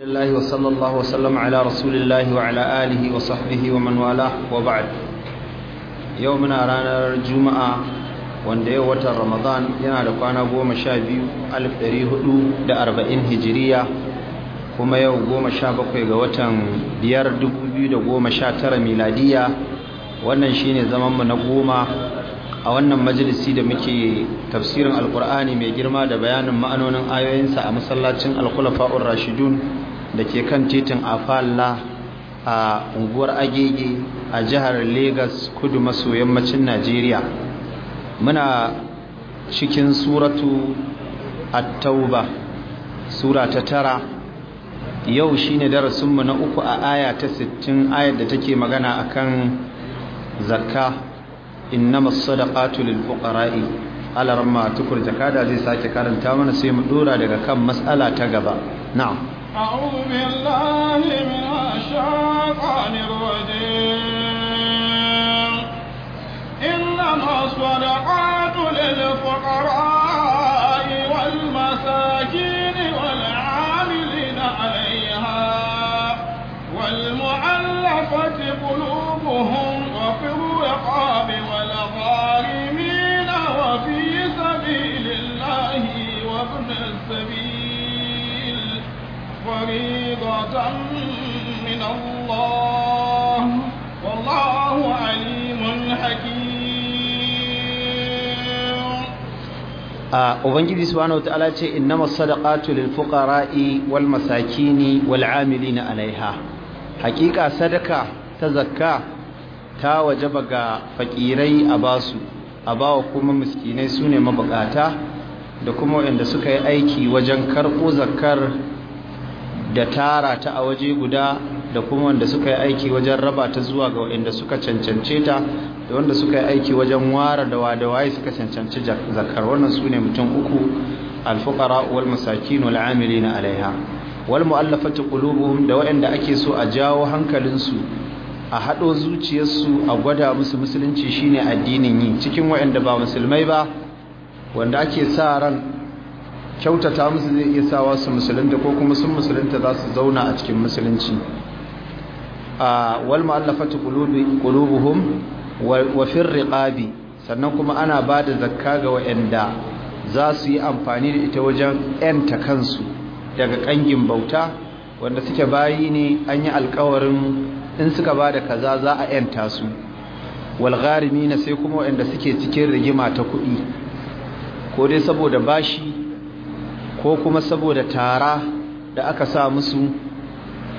الله وصلى الله وسلم على رسول الله وعلى آله وصحبه ومن والاه yana da kwana goma sha biyu alif ɗari hudu da arba'in hijiriya kuma yau goma sha bakwai ga watan biyar dubu biyu da goma sha tara miladiya wannan shine zamanmu na goma a wannan majlisi da muke tafsirin alkur'ani mai girma da bayanin ma'anonin ayoyinsa a masallacin alkulafa'ur rashidun da ke kan titin afalla a unguwar agege a jihar Legas kudu maso yammacin najeriya muna cikin suratu at-tauba sura ta tara yau shine darasinmu na uku a aya ta 60 ayar da take magana akan zakka innamas sadaqatu lil fuqara'i alarma tukur zakada zai sake karanta mana sai mu dora daga kan matsala ta gaba na'am أعوذ بالله من الشيطان الرجيم إنما الصدقات للفقراء فريضة من الله والله عليم حكيم Ubangiji سبحانه وتعالى ce الصدقات للفقراء والمساكين والعاملين wal حقيقة صدقة تزكى alaiha Haƙiƙa sadaka ta zakka ta wajaba ga fakirai a basu a bawa kuma miskinai sune mabukata da kuma waɗanda suka yi aiki wajen karɓo zakar da tara ta a waje guda da kuma wanda suka yi aiki wajen raba ta zuwa ga wanda suka cancance ta da wanda suka yi aiki wajen wara da wadawaye suka cancanci zakar wannan su ne mutum uku alfukara wal masakin wal amilina alaiha wal mu'allafati qulubuhum da waɗanda ake so a jawo hankalinsu a haɗo zuciyarsu a gwada musu musulunci shine addinin yi cikin wanda ba musulmai ba wanda ake sa ran kyautata musu zai iya sawa su musulunta ko kuma sun musulunta za su zauna a cikin musulunci a wal mu'allafatu qulubuhum wa sannan kuma ana ba da zakka ga wayanda za su yi amfani da ita wajen yanta kansu daga ƙangin bauta wanda suke bayi ne an yi alkawarin in suka ba da kaza za a yanta su wal na sai kuma wayanda suke cikin rigima ta kuɗi ko dai saboda bashi ko kuma saboda tara da aka sa musu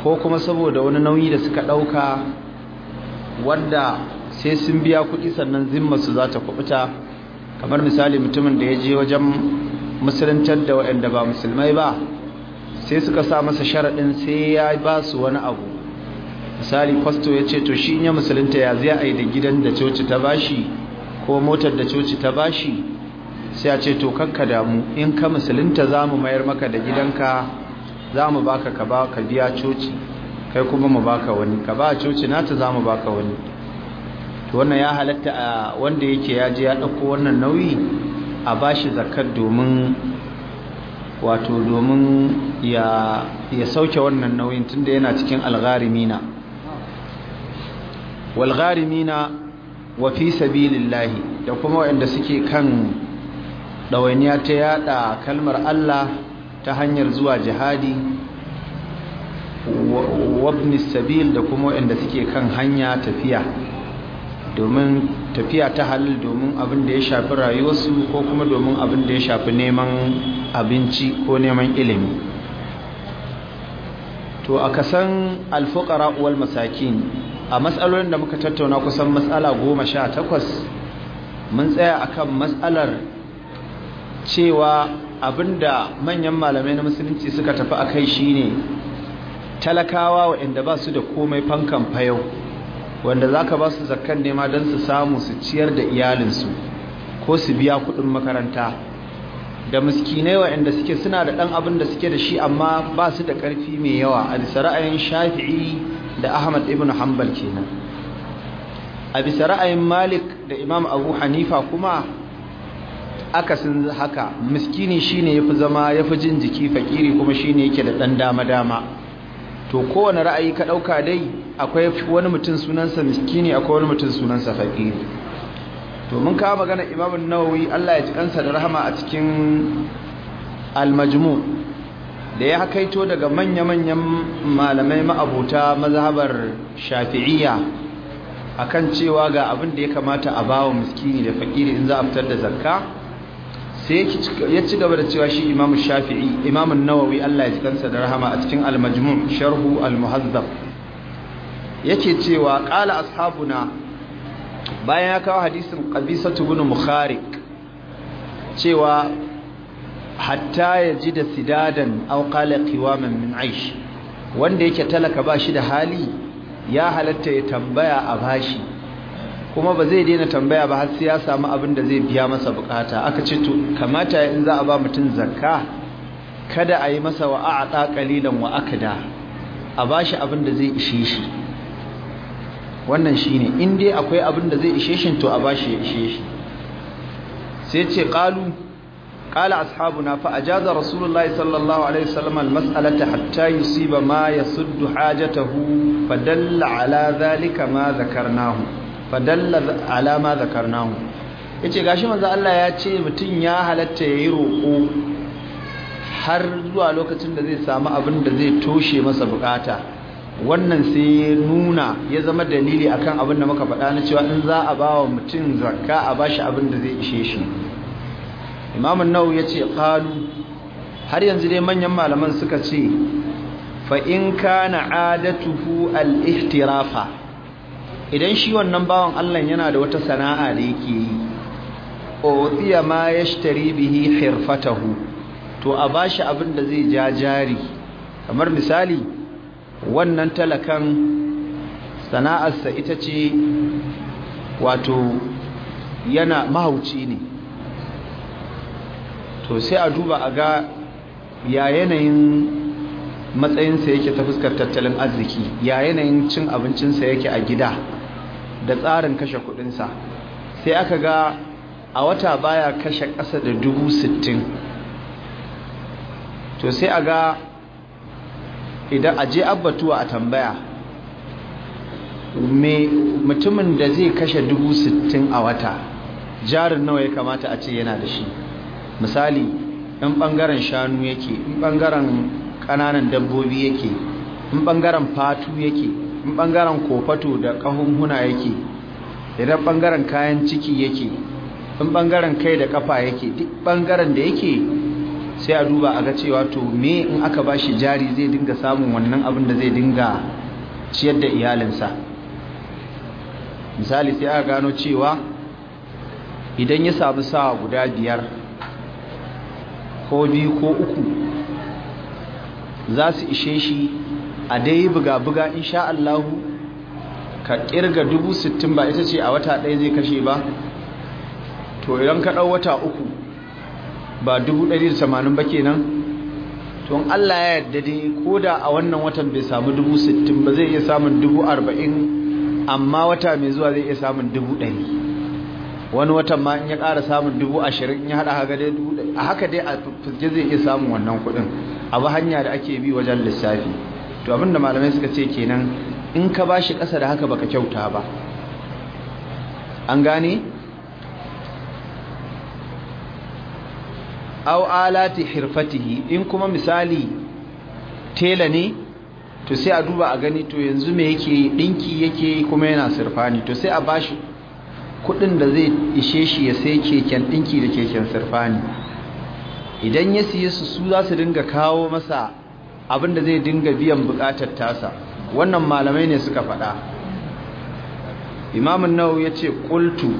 ko kuma saboda wani nauyi da suka ɗauka wanda sai sun biya kuɗi sannan zimmasu za ta kubuta kamar misali mutumin da ya je wajen musuluntar da waɗanda ba musulmai ba sai suka sa masa sharaɗin sai ya ba su wani abu misali fasto ya ce to shi ya musulunta ya zai a yi da gidan da coci ta bashi ko motar da coci ta bashi sai a ce to kanka damu in ka musulunta za mu mayar maka da gidanka za mu baka ka ba ka biya coci kai kuma mu baka wani ka ba coci nata za mu baka wani to wannan ya halatta a wanda yake ya je ya ɗauko wannan nauyi a bashi zakar domin wato domin ya sauke wannan nauyin tunda yana cikin algharimina walgharimina wa fi sabilillahi da kuma waɗanda suke kan ɗawainiya ta yada kalmar Allah ta hanyar zuwa jihadi wabni sabil da kuma inda suke kan hanya tafiya domin tafiya ta halil domin abin da ya shafi rayuwarsu ko kuma domin abin da ya shafi neman abinci ko neman ilimi to a kasan alfukara uwal masakin a matsalolin da muka tattauna kusan matsala goma sha takwas mun tsaya akan matsalar cewa abinda manyan malamai na musulunci suka tafi a kai shi ne, talakawa waɗanda ba su da komai fankan fayau wanda za ka ba su zakkan nema don su samu su ciyar da iyalinsu ko su biya kuɗin makaranta da miskinai waɗanda suke suna da ɗan abin da suke da shi amma ba su da ƙarfi mai yawa a bisa ra'ayin shafi'i da ahmad ibn hanbal kenan a bisa ra'ayin malik da imam abu hanifa kuma akasin haka miskini shine yafi zama yafi jin jiki fakiri kuma shine yake da dan dama dama to kowane ra'ayi ka dauka dai akwai wani mutum sunansa miskini akwai wani mutum sunansa fakiri to mun kawo magana Imam an-Nawawi Allah ya ji kansa da rahama a cikin al-Majmu da ya hakaito daga manya-manyan malamai ma'abuta mazhabar Shafi'iyya akan cewa ga abin da ya kamata a bawa miskini da fakiri in za a fitar da zakka sai ya ci gaba da cewa shi imam shafi'i imamun nawawi Allah ya ci kansa da rahama a cikin al sharhu almuhazzab yake cewa kala ashabuna bayan ya kawo hadisin qabisatu ibn mukhariq cewa hatta ya ji da sidadan aw qala qiwaman min aish wanda yake talaka ba shi da hali ya halatta ya tambaya a bashi kuma ba zai daina tambaya ba har sai ya samu abin da zai biya masa bukata aka ce to kamata in za a ba mutum zakka kada a yi masa wa a'ata qalilan wa akda a shi abin da zai ishe shi wannan shine in dai akwai abin da zai ishe shi to a shi ya ishe shi sai ce qalu qala ashabuna fa ajaza rasulullahi sallallahu alaihi wasallam almas'alata hatta yusiba ma yasuddu hajatahu fadalla ala dhalika ma dhakarnahu fadalla alama zakarnahu yace gashi manzo Allah ya ce mutum ya halatta yayi roƙo har zuwa lokacin da zai samu abin da zai toshe masa bukata wannan sai ya nuna ya zama dalili akan abin da muka faɗa na cewa in za a ba wa mutum zakka a bashi abin da zai ishe shi imam an-nawawi yace qalu har yanzu dai manyan malaman suka ce fa in kana adatuhu al-ihtirafa idan shi wannan bawan Allah yana da wata sana'a da yake yi o tiya ma yashtari bihi hirfatahu to a bashi abin da zai ja jari kamar misali wannan talakan sana'arsa ita ce wato yana mahauci ne to sai a duba a ga ya yanayin matsayinsa yake ta fuskar tattalin arziki ya yanayin cin abincinsa yake a gida da tsarin kashe kudinsa sai aka ga a wata baya kashe ƙasa da dubu sittin to sai a ga idan aje abbatuwa a tambaya mutumin da zai kashe dubu sittin a wata jarin nawa ya kamata a ce yana da shi misali in ɓangaren shanu yake in ɓangaren ƙananan dabbobi yake in ɓangaren fatu yake ɓangaren bangaren kofato da kahunhuna yake idan ɓangaren kayan ciki yake in ɓangaren kai da kafa yake duk ɓangaren da yake sai a duba a ga cewa to me in aka ba shi jari zai dinga samun wannan abin da zai dinga ciyar da iyalinsa misali sai aka gano cewa idan ya sami sawa guda biyar ko biyu ko uku za su ishe shi a dai buga-buga insha Allahu ka kirga dubu sittin ba ita ce a wata ɗaya zai kashe ba to idan ka ɗau wata uku ba dubu ɗari da tamanin ba kenan tun Allah ya yarda dai ko da a wannan watan bai samu dubu sittin ba zai iya samun dubu arba'in amma wata mai zuwa zai iya samun dubu ɗari wani watan ma in ya ƙara samun dubu ashirin in ya haɗa haka dai dubu ɗari a haka dai a fuske zai iya samun wannan kuɗin abu hanya da ake bi wajen lissafi to abinda malamai suka ce kenan in ka bashi kasa da haka baka kyauta ba an gane aw alati hirfatihi in kuma misali tela ne to sai a duba a gani to yanzu me yake dinki yake kuma yana sirfani to sai a bashi kudin da zai ishe shi ya sai keken dinki da keken sirfani idan ya siye su su za su dinga kawo masa abinda zai dinga biyan bukatar tasa wannan malamai ne suka faɗa imamun nau ya ce ƙultu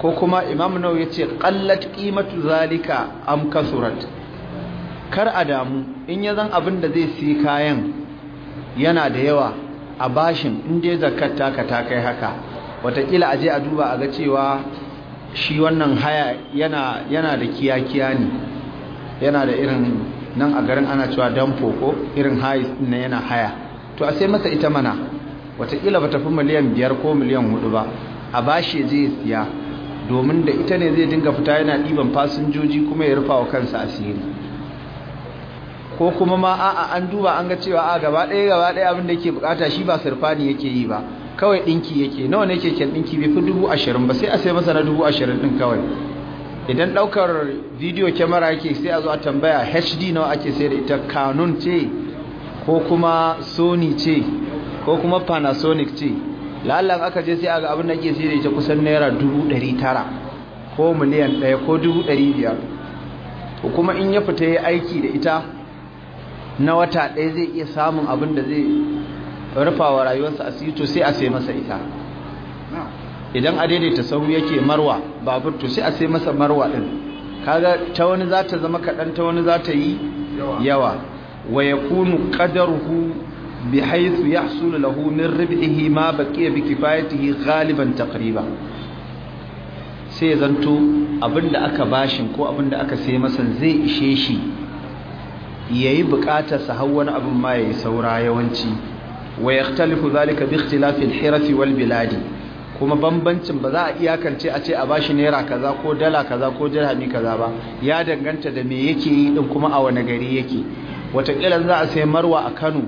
ko kuma imamun nau ya ce ƙallat ƙimatu zalika am kasurat kar a damu in ya zan abinda zai si kayan yana da yawa a bashin inda ya zakar taka ta kai haka watakila je a duba a ga cewa shi wannan haya yana da kiyakiya ne yana da irin nan a garin ana cewa danfo ko irin hais na yana haya to a sai masa ita mana watakila ba fi miliyan biyar ko miliyan hudu ba a bashi je siya domin da ita ne zai dinga fita yana ɗiban fasinjoji kuma ya rufa wa kansa asiri ko kuma ma a'a an duba an ga cewa a gaba ɗaya gaba ɗaya abin da yake bukata shi ba surfani yake yi ba kawai ɗinki yake nawa ne keken ɗinki bai fi dubu ashirin ba sai a sai masa na dubu ashirin din kawai idan daukar video kyamara yake sai a zo a tambaya HD nawa ake sai da ita Kanun ce ko kuma Sony ce ko kuma Panasonic ce lallan aka je sai a ga abin da ke sai da ita kusan naira 900 ko miliyan 1 ko 500 kuma in ya fita yayi aiki da ita na wata ɗaya zai iya samun abin da zai rufawa rayuwarsa a to sai a sai masa ita idan a daidaita sahu yake marwa babur to sai a sai masa marwa din kaga ta wani za ta zama kaɗan ta wani za ta yi yawa wa ya kunu ƙadarhu bi haithu ya hasulu lahu min rib'ihi ma baqiya bi kifayatihi ghaliban taqriba sai zanto abinda aka bashin ko abinda aka sai masa zai ishe shi yayi buƙatar sa har wani abin ma yayi saura yawanci wa yahtalifu zalika bi ikhtilafi al-hirati wal biladi kuma bambancin ba za a iyakance a ce a bashi naira kaza ko dala kaza ko jirhami kaza ba ya danganta da me yake yi din kuma a wani gari yake watakila za a sai marwa a kano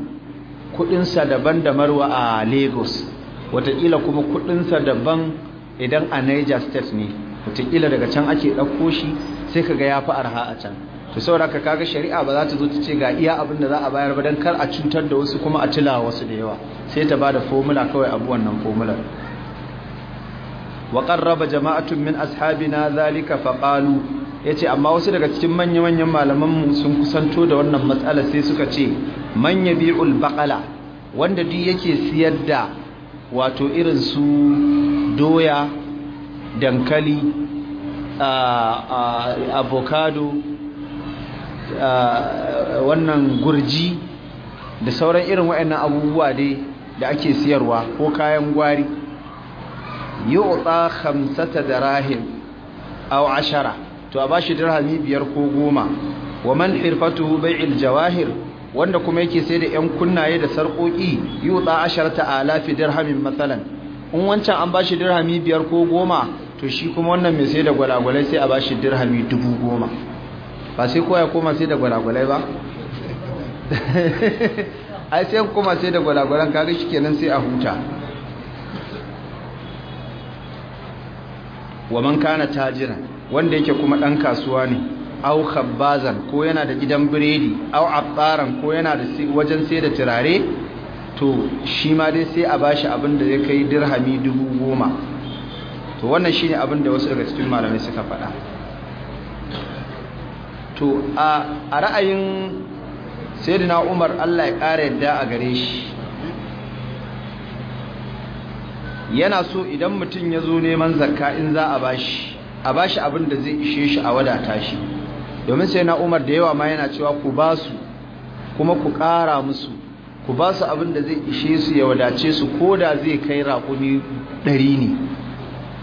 kudinsa daban da marwa a lagos watakila kuma kudinsa daban idan a niger state ne watakila daga can ake ɗauko shi sai kaga ga ya fi arha a can to sauraka kaga shari'a ba za ta zo ta ce ga iya abin da za a bayar ba don kar a cutar da wasu kuma a tila wasu da yawa sai ta ba da fomula kawai abu wannan fomular wa qarraba jama'atun min ashabina zalika yace amma wasu daga cikin manya-manyan malaman mu sun kusanto da wannan matsala sai suka ce man yabi'ul baqala wanda duk yake siyar da wato irin su doya dankali avocado wannan gurji da sauran irin waɗannan abubuwa dai da ake siyarwa ko kayan gwari yu'ta khamsata darahim aw ashara to a bashi dirhami biyar ko goma wa man hirfatuhu bai'il jawahir wanda kuma yake sai da yan kunnaye da sarƙoƙi yu'ta asharata alafi dirhamin matsalan in wancan an bashi dirhami biyar ko goma to shi kuma wannan mai sai da gwalagwalai sai a bashi dirhami dubu goma ba sai kowa ya koma sai da gwalagwalai ba ai sai koma sai da gwalagwalan kaga shikenan sai a huta wa man kana tajiran wanda yake kuma dan kasuwa ne au khabbazan ko yana da gidan biredi au abbaran ko yana da wajen sai da turare to shi ma dai sai a bashi abin da zai kai dirhami dubu goma to wannan shine abin da wasu daga cikin malamai suka faɗa to a ra'ayin sayyidina Umar Allah ya kare yadda a gare shi yana so idan mutum ya zo neman zakka in za a bashi a bashi abin da zai ishe shi a wadata shi domin sai na umar da yawa ma yana cewa ku ba su kuma ku ƙara musu ku ba su abin da zai ishe su ya wadace su ko da zai kai raƙumi ɗari ne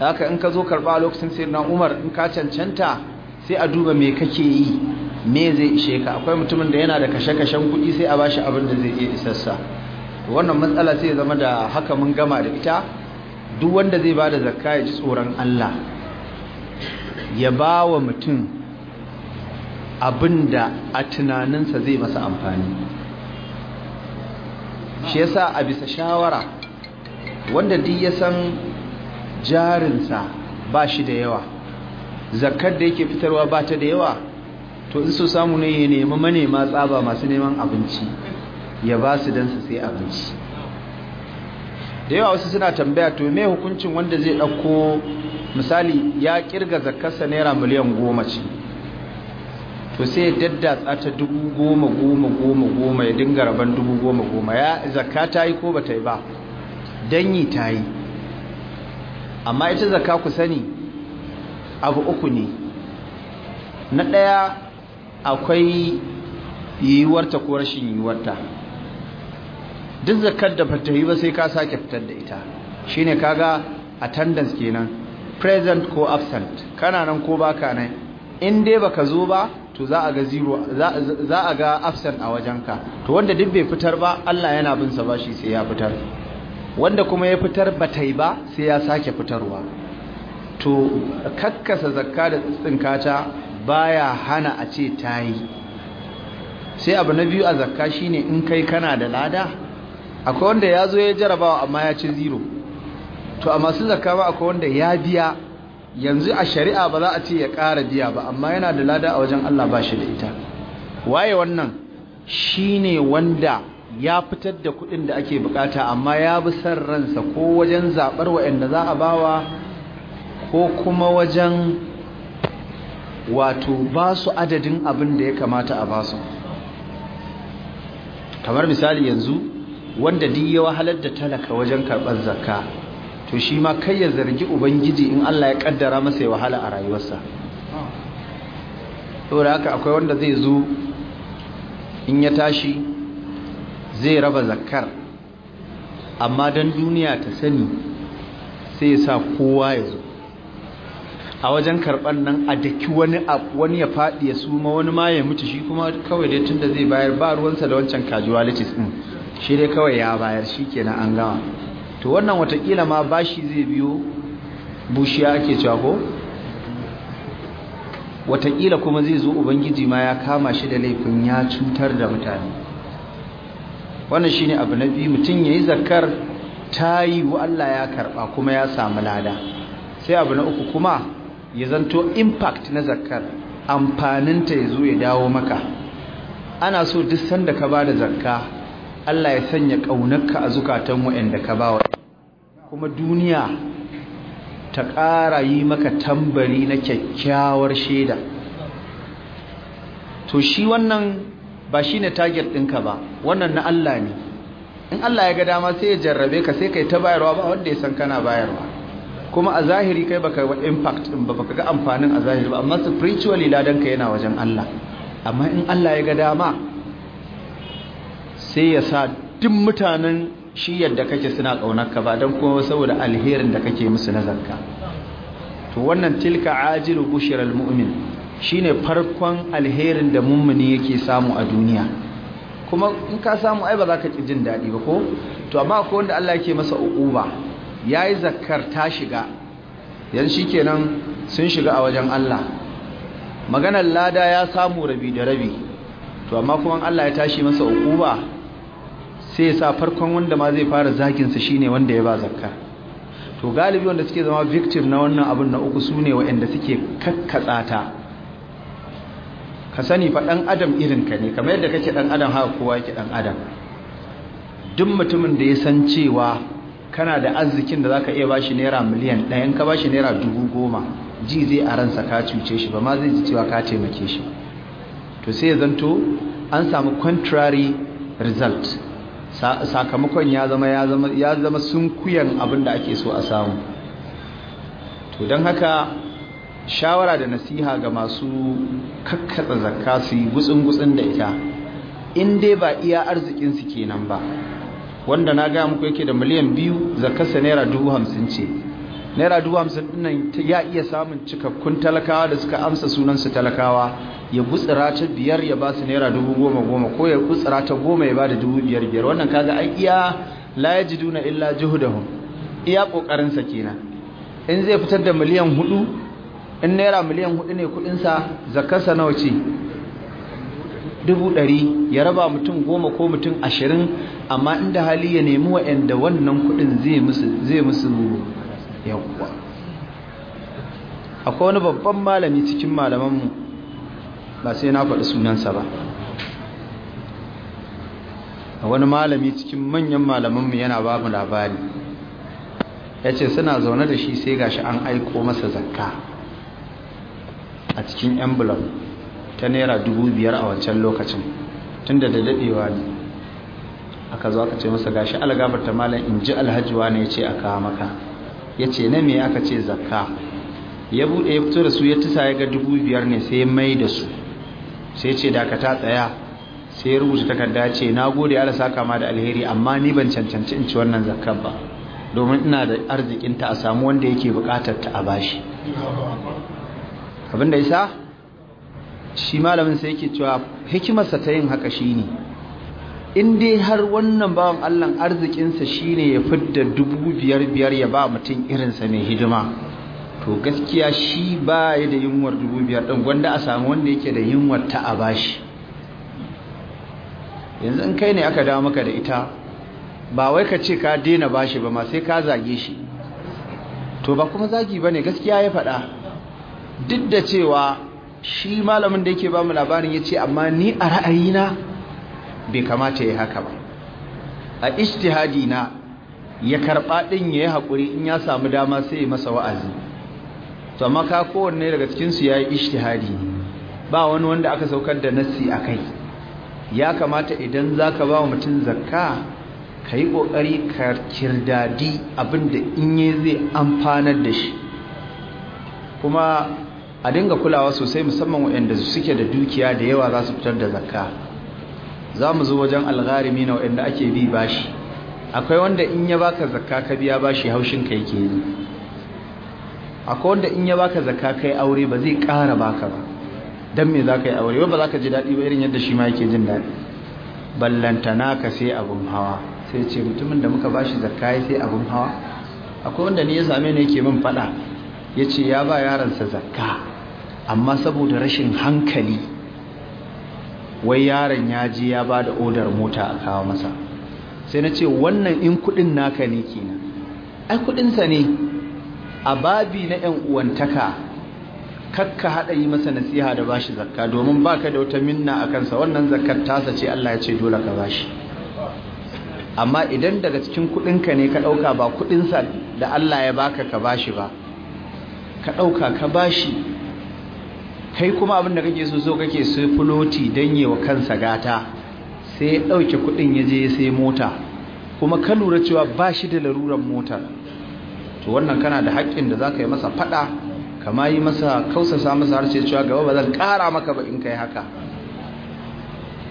haka in ka zo karɓa a lokacin sai na umar in ka cancanta sai a duba me kake yi me zai ishe ka akwai mutumin da yana da kashe-kashen kuɗi sai a bashi abin da zai iya isassa wannan matsala sai zama da haka mun gama da ita duk wanda zai ba da zakka ya ji tsoron Allah ya ba wa mutum abinda a tunaninsa zai masa amfani shi yasa a bisa shawara wanda duk ya san jarinsa ba shi da yawa zakkar da yake fitarwa ba ta da yawa to in so samu ne ya nemi manema tsaba masu neman abinci ya ba su don su sai abinci da yawa wasu suna tambaya to me hukuncin wanda zai ɗauko misali ya kirga zakarsa naira miliyan goma ce to sai dadda tsata dubu goma goma goma goma ya dinga rabon dubu goma goma ya zakka ta yi ko ba ta yi ba yi ta yi amma ita zakka ku sani abu uku ne na ɗaya akwai yiwuwarta ko rashin yiwuwarta duk zakar da bata yi ba sai ka sake fitar da ita shine kaga attendance kenan present ko absent kana nan ko baka nan in dai baka zo ba to za a ga zero a ga ka. to wanda duk bai fitar ba Allah yana bin sa bashi sai ya fitar wanda kuma ya fitar ba ta yi ba sai ya sake fitarwa to kakkasa zakka da tsinkata baya hana a ce ta yi. sai abu na biyu a zakka shine in kai kana da lada akwai wanda ya zo ya jarabawa amma ya ci zero to a masu zakka ba akwai wanda ya biya yanzu a shari'a ba za a ce ya ƙara biya ba amma yana da lada a wajen Allah ba shi da ita waye wannan shi ne wanda ya fitar da kuɗin da ake bukata amma ya bi san ransa ko wajen zaɓar yadda za a bawa ko kuma wajen wato ba su adadin abin da ya kamata a ba su kamar misali yanzu wanda duk ya wahalar da talaka wajen karɓar zakka to shi ma kai ya zargi ubangiji in Allah ya kaddara masa ya wahala a rayuwarsa da haka akwai wanda zai zo in ya tashi zai raba zakkar amma dan duniya ta sani sai ya sa kowa ya zo a wajen karɓar nan a daki wani wani ya faɗi ya suma wani ma ya mutu shi kuma kawai dai tun da zai bayar ba ruwansa da wancan kajuwa litis ɗin shi dai kawai ya bayar shi kenan an gawa to wannan watakila ma bashi zai biyo bushiya ake cewa ko watakila kuma zai zo ubangiji ma ya kama shi da laifin ya cutar da mutane wannan shi ne abu na biyu mutum ya yi zakar yi wa Allah ya karba kuma ya samu lada sai abu na uku kuma ya zanto impact na zakar amfaninta ya zo ya dawo maka ana so duk sanda ka bada zakka Allah ya sanya ƙaunarka a zukatan wayanda ka bawa kuma duniya ta ƙara yi maka tambari na kyakkyawar shaida to shi wannan ba shi ne target ɗinka ba wannan na Allah ne in Allah ya ga dama sai ya jarrabe ka sai kai ta bayarwa ba wanda ya san kana bayarwa kuma a zahiri kai baka wa impact ɗin ba baka ga amfanin a zahiri ba amma spiritually ka yana wajen Allah amma in Allah ya ga dama sai ya sa duk mutanen shi yadda kake suna ka ba don kuma saboda alherin da kake musu na zakka to wannan tilka bushir bushiral mu'min shine farkon alherin da mummuni yake samu a duniya kuma in ka samu ai ba za ka ki jin daɗi ba ko to amma ko wanda Allah yake masa uquba yayi zakkar ta shiga yan shikenan sun shiga a wajen Allah maganar lada ya samu rabi da rabi to amma kuma Allah ya tashi masa uquba sai yasa sa farkon wanda ma zai fara zakin sa shine wanda ya ba zakka to galibi wanda suke zama victim na wannan abun na uku sune waɗanda suke kakkatsa ta ka sani fa dan adam irin ka ne kamar yadda kake dan adam haka kowa yake dan adam duk mutumin da ya san cewa kana da arzikin da zaka iya bashi naira miliyan ɗayan ka bashi naira dubu goma ji zai a ransa ka cuce shi ba ma zai ji cewa ka taimake shi to sai ya zanto an samu contrary result sakamakon ya zama ya zama sunkuyan abin da ake so a samu to don haka shawara da nasiha ga masu kakkatsa zakka su yi gutsun-gutsun da ita in dai ba iya arzikinsu kenan ba wanda na gaya muku yake da miliyan biyu zakasa naira dubu hamsin ce naira dubu hamsin dinnan ya iya samun cikakkun talakawa da suka amsa sunansu talakawa ya gutsira ta biyar ya ba su naira dubu goma goma ko ya gutsira ta goma ya ba da dubu biyar biyar wannan kaga ai iya la ya ji duna illa juhudahum iya ƙoƙarinsa kenan in zai fitar da miliyan hudu in naira miliyan hudu ne kudinsa zakarsa nawa ce dubu ɗari ya raba mutum goma ko mutum ashirin amma inda hali ya nemi wa'anda wannan kudin zai musu yawwa akwai wani babban malami cikin malamanmu ba sai na faɗi sunansa ba wani malami cikin manyan malamanmu yana babu labari ya ce suna zaune da shi sai gashi an aiko masa zakka a cikin emblem ta naira dubu biyar a wancan lokacin tunda da daɗewa ne aka zo aka ce masa gashi algabar ta malam in ji alhajiwa ne ya ce aka maka ya ce na me aka ce zakka ya buɗe ya fito da su ya tusa ya ga dubu biyar ne sai ya mai da su sai ce dakata tsaya sai ya rubuta takarda ce na gode ala saka ma da alheri amma ni ban cancanci in ci wannan zakar ba domin ina da arzikinta a samu wanda yake bukatar ta a bashi abinda isa shi malamin sai yake cewa hikimarsa ta yin haka shine in dai har wannan bawan Allah arzikinsa shine ya fidda dubu biyar biyar ya ba mutum irinsa mai hidima to gaskiya shi ba ya da yunwar dubu biyar ɗin gwanda a samu wanda yake da yunwar ta a bashi yanzu in kai ne aka dawo maka da ita ba wai ka ce ka daina bashi ba ma sai ka zage shi to ba kuma zagi ba ne gaskiya ya faɗa duk da cewa shi malamin da yake ba mu labarin ya ce amma ni a ra'ayina bai kamata ya haka ba a ishtihadina ya karɓa ɗin ya yi haƙuri in ya samu dama sai masa wa'azi to amma ka kowanne daga cikin su yayi ishtihadi ba wani wanda aka saukar da nassi akai ya kamata idan zaka ba mutum zakka kai kokari ka kirdadi abinda in yayi zai amfanar da shi kuma a dinga kulawa sosai musamman waɗanda suke da dukiya da yawa za su fitar da zakka za mu zo wajen algarimi na waɗanda ake bi bashi akwai wanda in ya baka zakka ka biya bashi haushinka yake yi akwai wanda in ya baka zakka kai aure ba zai ƙara baka ba dan me zaka yi aure ba za ka ji daɗi ba irin yadda shi ma yake jin daɗi ballantana ka sai abun hawa sai ce mutumin da muka bashi zakka ya sai abun hawa akwai wanda ni ya same ni yake min faɗa ya ce ya ba yaransa zakka amma saboda rashin hankali wai yaron ya ji ya ba da odar mota a kawo masa sai na ce wannan in kudin naka ne kenan ai kudinsa ne a babi na ‘yan uwantaka kakka haɗa yi masa nasiha da bashi zakka domin baka da wata minna a kansa wannan zakkar tasa ce Allah ya ce dole ka bashi amma idan daga cikin kuɗinka ne ka ɗauka ba kuɗinsa da Allah ya baka ka bashi ba ka ɗauka ka bashi kai kuma abin da kake so so kake so fuloti don wa kansa gata sai ya ɗauke kuɗin ya je sai mota kuma ka lura cewa ba shi da laruran motar to wannan kana da haƙƙin da zaka yi masa fada kama yi masa kausasa masa harshe cewa gaba ba zan ƙara maka ba in kai haka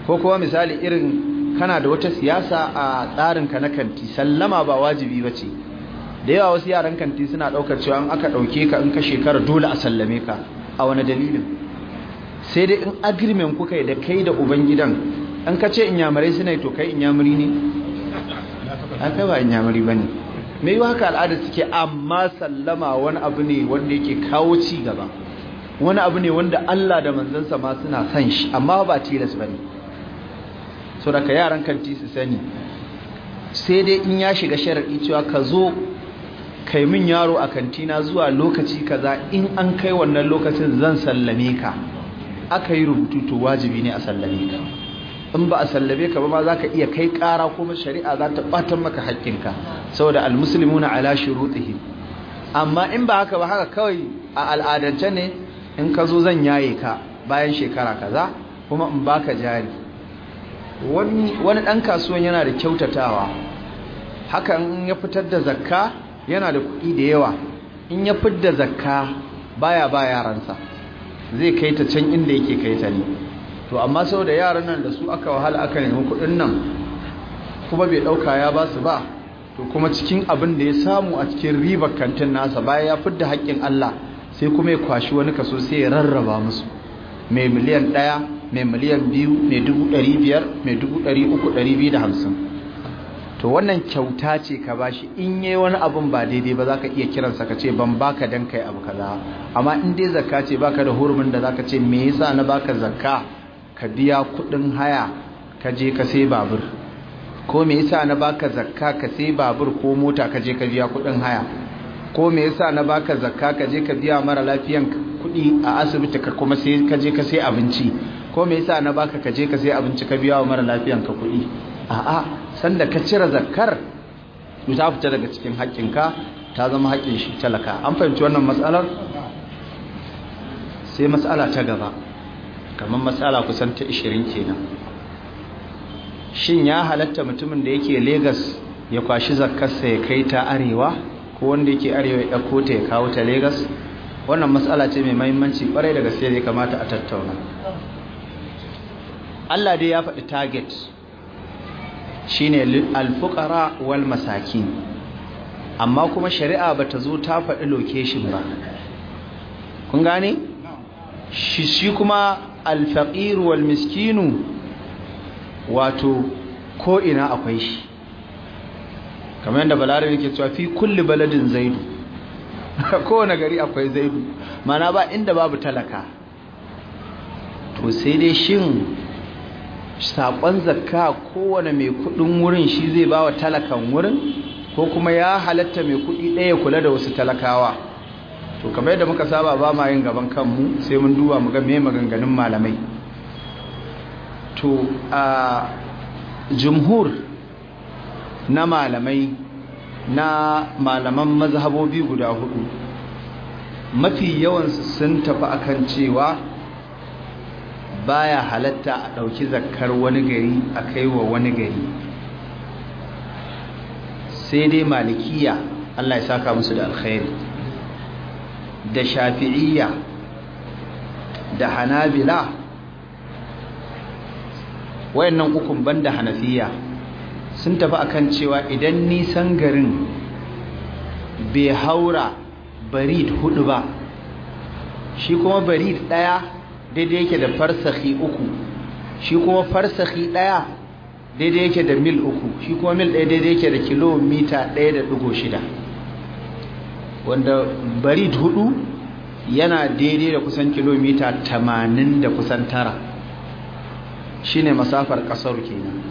ko kuma misali irin kana da wata siyasa a tsarin ka na kanti sallama ba wajibi ba ce da yawa wasu yaran kanti suna ɗaukar cewa in aka ɗauke ka in ka shekara dole a sallame ka a wani dalilin sai dai in agirmen kuka yi da kai da ubangidan an ka ce inyamurai suna yi to kai inyamuri ne an kai ba inyamuri ba ne Me yi haka al'adar suke amma sallama wani abu ne wanda yake kawo ci gaba wani abu ne wanda Allah da manzansa ma suna san shi amma ba tilas ba ne. so daga yaran kanti su sani sai dai in ya shiga sharadi cewa ka zo kai min yaro a kantina zuwa lokaci kaza in an kai wannan lokacin zan sallame ka aka yi rubutu to wajibi ne a sallame ka in ba a sallabe ka ba ma za ka iya kai ƙara kuma shari'a za ta ɓatan maka haƙƙinka saboda na ala shurutihi amma in ba haka ba haka kawai a al'adance ne in ka zo zan yaye ka bayan shekara kaza kuma in ba ka jari wani ɗan kasuwan yana da kyautatawa hakan in ya fitar da zakka yana da kuɗi da yawa in ya fitar da zakka baya ba yaransa zai kai ta can inda yake kai ta ne to amma saboda yaran nan da su aka wahala aka nemi kuɗin nan kuma bai ɗauka ya ba su ba to kuma cikin abin da ya samu a cikin ribar kantin nasa bayan ya fidda haƙƙin Allah sai kuma ya kwashi wani kaso sai ya rarraba musu mai miliyan ɗaya mai miliyan biyu mai dubu ɗari mai dubu ɗari da hamsin to wannan kyauta ce ka bashi in yi wani abin ba daidai ba za ka iya kiransa ka ce ban baka dan kai abu kaza amma in dai zakka ce baka da hurumin da za ka ce me yasa na baka zakka ka biya kudin haya ka je ka sai babur ko me yasa na baka zakka ka sai babur ko mota ka je ka biya kudin haya ko me yasa na baka zakka ka je ka biya mara lafiyan kudi a asibiti ka kuma sai ka je ka sai abinci ko me yasa na baka ka je ka sai abinci ka biya wa mara lafiyan ka kudi a'a sanda ka cire zakkar to ta fita daga cikin haƙƙinka ta zama haƙƙin shi talaka an fahimci wannan matsalar sai matsala ta gaba kamar matsala kusan ta 20 kenan shin ya halatta mutumin da yake Legas ya kwashi zakkarsa ya kai ta arewa ko wanda yake arewa ya ɗauko ta ya kawo ta Legas? wannan matsala ce mai mahimmanci kwarai da gaske da ya kamata a tattauna Allah dai ya faɗi target shine alfukara wal masakin amma kuma shari'a ba ta zo ta faɗi location ba kun gane shi kuma alfaƙir wal wato ko ina akwai shi kamar yadda balarabe yake cewa fi kulli baladin zaidu kowane gari akwai zaidu mana ba inda babu talaka to sai dai shin saƙon zakka kowane mai kuɗin wurin shi zai ba wa talakan wurin ko kuma ya halatta mai kuɗi ɗaya kula da wasu talakawa to kamar yadda muka saba ba ma yin gaban kanmu sai mun duba mu ga me maganganun malamai to a jumhur na malamai na malaman mazhabobi guda hudu mafi yawan sun tafi akan cewa baya halatta a ɗauki zakkar wani gari a kai wa wani gari sai dai malikiya Allah ya saka musu da alkhairi da shafi'iyya da hanabila wayannan ukun banda hanafiya sun tafi akan cewa idan nisan garin bai haura barid hudu ba shi kuma barid daya daidai yake da farsahi uku shi kuma farsahi daya daidai yake da mil uku shi kuma mil daya daidai yake da kilomita da shida. wanda barit hudu yana daidai da kusan kilomita tamanin da kusan tara shine masafar kasar kenan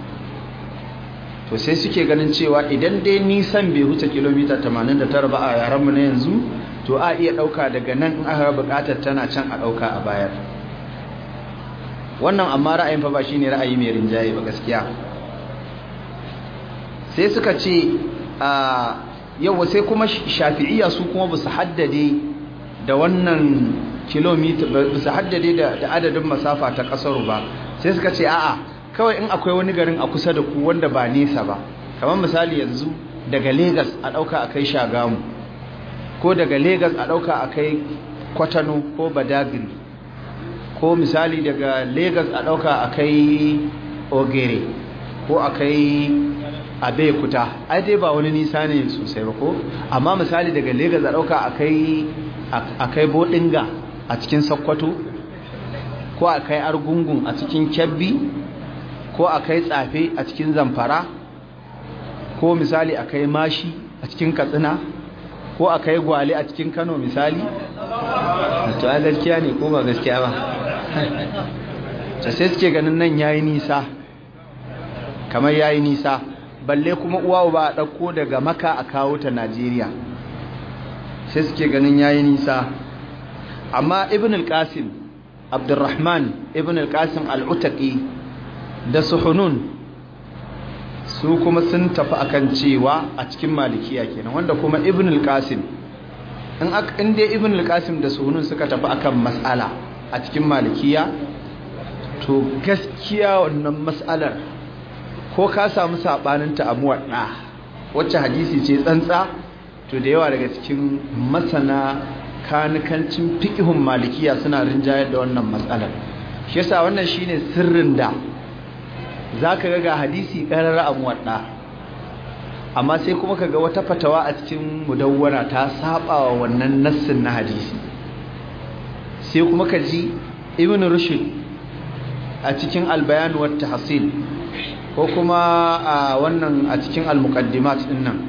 to sai suke ganin cewa idan dai nisan bai huce kilomita tamanin da tara ba a yaranmu na yanzu to a iya ɗauka daga nan in aka bukatar tana can a ɗauka a bayar wannan amma ra'ayin fa ba shine ra'ayi mai rinjaye ba gaskiya sai suka ce a ah, yawa sai kuma shafi'iyya su kuma ba su haddade da wannan kilomita ba su haddade da adadin masafa ta ƙasar ba sai suka ce a'a kawai in akwai wani garin a kusa da ku wanda ba nesa ba kamar misali yanzu daga Legas a ɗauka a kai shagamu ko daga Legas a ɗauka a kai kwatano ko badagiri ko misali daga Legas a ɗauka a kai ogere ko a kai A kuta ai dai ba wani nisa ne sosai ba ko amma misali daga Legas a dauka akai akai bodinga a cikin Sokoto ko akai argungun a cikin Kebbi ko akai tsafe a cikin Zamfara ko misali akai mashi a cikin Katsina ko akai gwale a cikin Kano misali to a gaskiya ne ko ba gaskiya ba sai suke ganin nan yayi nisa kamar yayi nisa balle kuma uwa ba a ɗauko daga maka a kawo ta najeriya sai suke ganin yayi nisa amma ibn al-qasim abdurrahman ibn al-qasim al-utaqi da suhunun su kuma sun tafi akan cewa a cikin malikiya kenan wanda kuma ibn al-qasim in dai ibn al-qasim da suhunun suka tafi akan mas'ala a cikin malikiya to gaskiya wannan mas'alar ko ka samu ta a muwaɗa wacce hadisi ce tsantsa to da yawa daga cikin masana kanikancin fikihun malikiya suna rinjayar da wannan matsalar shi yasa wannan shine sirrin da za ka ga hadisi ƙarar a muwaɗa amma sai kuma ka ga wata fatawa a cikin mudawwara ta saba wa wannan nassin na hadisi sai kuma ka ji ibn rushd a cikin albayan wa tahsil ko kuma a wannan a cikin al-muqaddimat din nan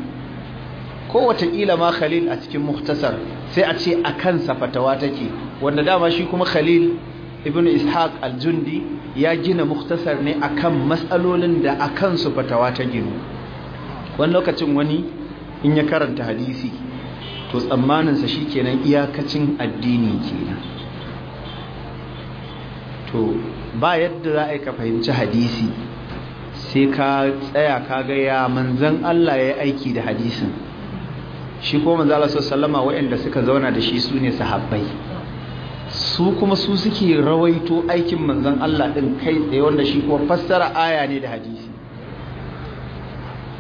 ko wataƙila ma khalil a cikin muhtasar sai a ce a kansa fatawa take wanda dama shi kuma khalil ibnu ishaq al-jundi ya gina muhtasar ne akan matsalolin da akansu su fatawa ta gino. wani lokacin wani in ya karanta hadisi to tsammaninsa shi kenan iyakacin addini kenan to ba yadda za a yi ka fahimci hadisi sai ka tsaya ka ga ya manzan Allah ya aiki da hadisin shi ko manzan Allah sallama waɗanda suka zauna da shi su ne sahabbai su kuma su suke rawaito aikin manzan Allah ɗin kai tsaye wanda shi kuma fassara aya ne da hadisi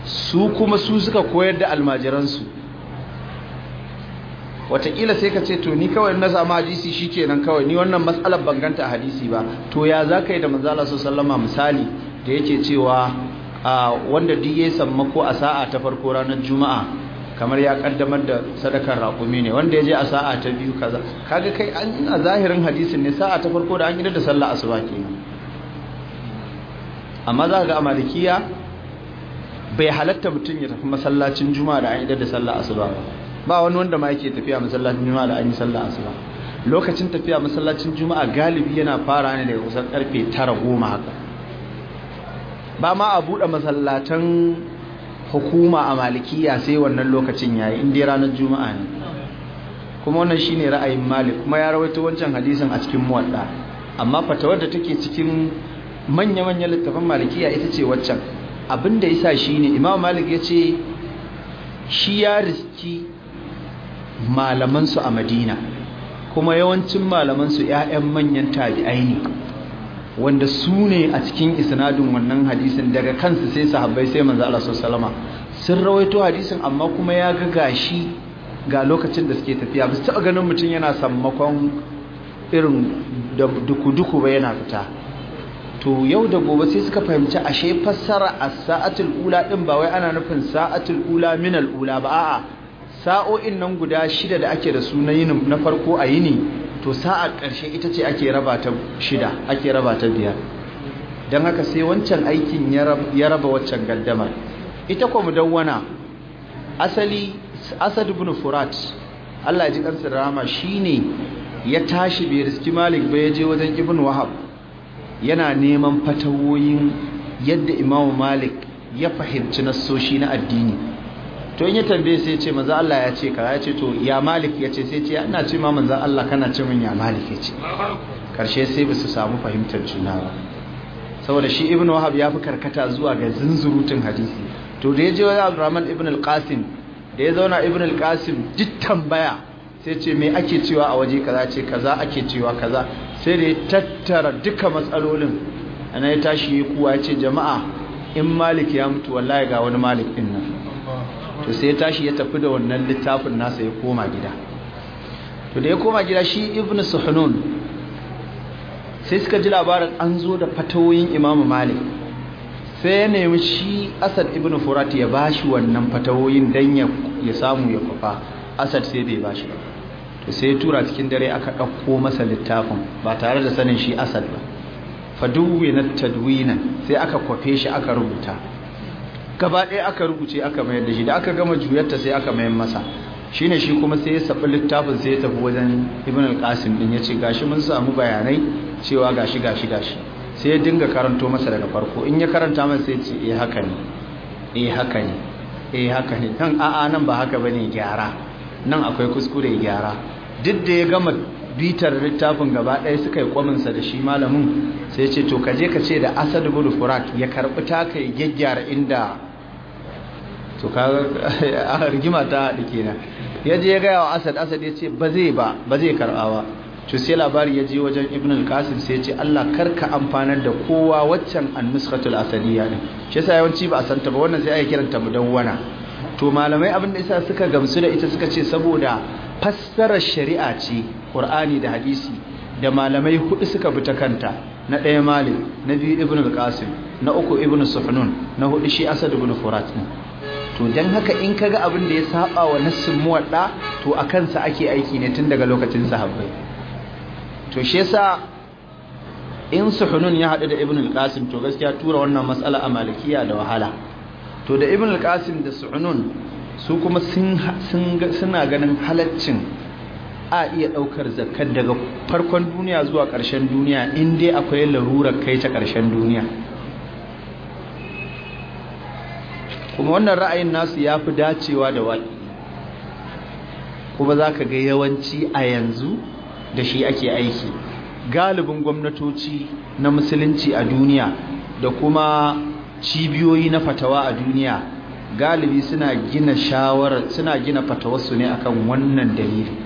su kuma su suka koyar da almajiransu wataƙila sai ka ce to ni kawai na samu hadisi shi kenan kawai ni wannan matsalar banganta a hadisi ba to ya za ka yi da manzala su sallama misali da yake cewa wanda duk ya sammako a sa'a ta farko ranar juma'a kamar ya kaddamar da sadakar raƙumi ne wanda ya je a sa'a ta biyu kaza kaga kai an a zahirin hadisin ne sa'a ta farko da an gida da sallah asuba kenan amma za ga amalikiya bai halatta mutum ya tafi masallacin juma'a da an gida da sallah asuba ba wani wanda ma yake tafiya masallacin juma'a da an yi sallah asuba lokacin tafiya masallacin juma'a galibi yana fara ne daga kusan karfe tara goma haka ba ma a buɗe masallatan hukuma a malikiya sai wannan lokacin yayi inda ranar juma'a ne kuma wannan shine ra'ayin malik kuma ya rawaito wancan hadisin a cikin muwadda amma fatawar da take cikin manya-manyan littafin malikiya ita ce waccan abin da yasa shine imam malik ya ce shi ya riski malamansu a madina kuma yawancin malamansu 'ya'yan manyan tabi'ai ne wanda su ne a cikin isnadin wannan hadisin daga kansu sai sahabbai sai manzo Allah sallama sun rawaito hadisin amma kuma ya ga gashi ga lokacin da suke tafiya ba su taɓa ganin mutum yana sammakon irin duku-duku ba yana fita to yau da gobe sai suka fahimci ashe fassara a sa'atul ula din ba wai ana nufin sa'atul ula min al ula ba a'a sa'o'in nan guda shida da ake da su na farko a yini to sa'a ƙarshe ita ce ake raba ta shida ake raba ta biyar don haka sai wancan aikin ya raba waccan gaddamar ita kwa mudawwana asali asad ibn furat Allah ji kansa rama ne ya tashi bai riski malik ba ya je wajen ibn wahab yana neman fatawoyin yadda imamu malik ya fahimci nassoshi na addini to in ya tambaye sai ce manzan Allah ya ce kara ya ce to ya malik ya ce sai ce ana ce ma manzan Allah kana ce min ya malik ya ce karshe sai ba samu fahimtar juna ba saboda shi Ibn wahab ya fi karkata zuwa ga zunzurutun hadisi to da ya je wajen abdurrahman ibn al-qasim da ya zauna ibn al-qasim duk tambaya sai ce me ake cewa a waje kaza ce kaza ake cewa kaza sai da ya tattara duka matsalolin ana ya tashi kuwa ya ce jama'a in malik ya mutu wallahi ga wani malik din nan to sai ya tashi ya tafi da wannan littafin nasa ya koma gida to da ya koma gida shi ibn suhunun sai suka ji labarin an zo da fatawoyin imamu malik sai ya nemi shi asad ibn furat ya bashi wannan fatawoyin don ya samu ya kufa, asad sai bai bashi ba to sai ya tura cikin dare aka ɗauko masa littafin ba tare da sanin shi asad ba na tadwinan sai aka kwafe shi aka rubuta gaba ɗaya aka rubuce aka mayar da shi da aka gama juyarta sai aka mayar masa shi ne shi kuma sai ya saɓi littafin sai ya tafi wajen ibn al-qasim ɗin ya ce gashi mun samu bayanai cewa gashi gashi gashi sai ya dinga karanto masa daga farko in ya karanta masa sai ce eh haka ne eh haka ne eh haka ne nan a'a nan ba haka bane gyara nan akwai kuskure gyara duk da ya gama bitar littafin gaba ɗaya suka yi kwaminsa da shi malamin sai ce to kaje ka ce da asad bin furat ya karɓi taka ya gyaggyara inda to ka a rigima ta ke kenan ya je ya gaya wa asad asad ya ce ba zai ba ba zai karɓa ba to sai labari ya je wajen ibn al-qasim sai ya ce Allah karka amfanar da kowa waccan an-nuskhatul asadiyya ne shi yasa yawanci ba a santa ba wannan sai ake kiranta mudawwana to malamai abin da isa suka gamsu da ita suka ce saboda fassarar shari'a ce qur'ani da hadisi da malamai hudu suka bi ta kanta na ɗaya malik na biyu ibn al-qasim na uku ibn sufnun na hudu shi asad ibn furat ne to dan haka in kaga abin da ya saba wa nassin muwadda to a kansa ake aiki ne tun daga lokacin sahabbai to shi yasa in suhunun ya haɗu da ibn al-qasim to gaskiya tura wannan masala a malikiya da wahala to da ibn al-qasim da suhunun su kuma suna ganin halaccin a iya ɗaukar zakar daga farkon duniya zuwa ƙarshen duniya in dai akwai larurar kai ta ƙarshen duniya kuma wannan ra'ayin nasu ya fi dacewa da waƙi kuma za ka ga yawanci a yanzu da shi ake aiki galibin gwamnatoci na musulunci a duniya da kuma cibiyoyi na fatawa a duniya galibi suna gina shawarar suna gina fatawarsu ne akan wannan dalilin.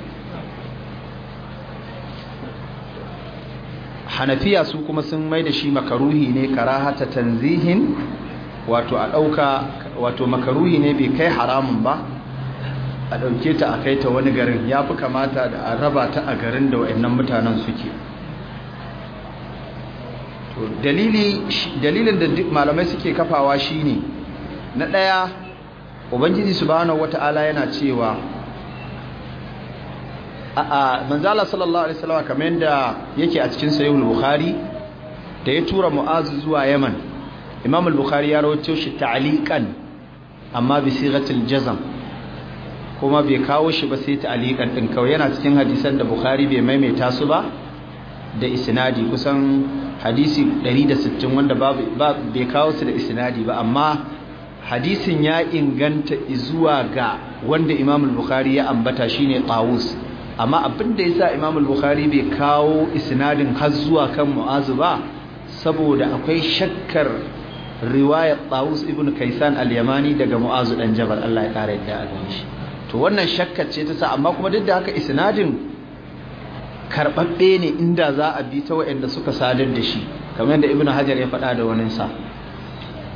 hanafiya su kuma sun mai da shi makaruhi ne karahata tanzihin wato a ɗauka wato makaruhi ne bai kai haramun ba a ɗauke ta a kai ta wani garin ya fi kamata da a raba ta a garin da wa'annan mutanen suke dalilin da malamai suke kafawa shine na ɗaya ubangiji su subhanahu wata'ala yana cewa manzo Allah sallallahu alaihi wasallam kamar yanda yake a cikin al bukhari da ya tura mu'az zuwa yaman imam al-bukhari ya rawaito shi ta'liqan amma bi sighatil jazm kuma bai kawo shi ba sai ta'liqan din kawai yana cikin hadisan da bukhari bai maimaita su ba da isnadi kusan hadisi 160 wanda ba bai kawo su da isnadi ba amma hadisin ya inganta zuwa ga wanda imam al-bukhari ya ambata shine tawus amma abin da yasa Imam al-Bukhari bai kawo isnadin har zuwa kan mu'azu ba saboda akwai shakkar riwayar Tawus ibn Kaisan al-Yamani daga mu'azu dan Jabal Allah ya kare da to wannan shakkar ce ta amma kuma duk da haka isnadin karbabbe ne inda za a bi ta waɗanda suka sadar da shi kamar yadda ibn hajar ya faɗa da waninsa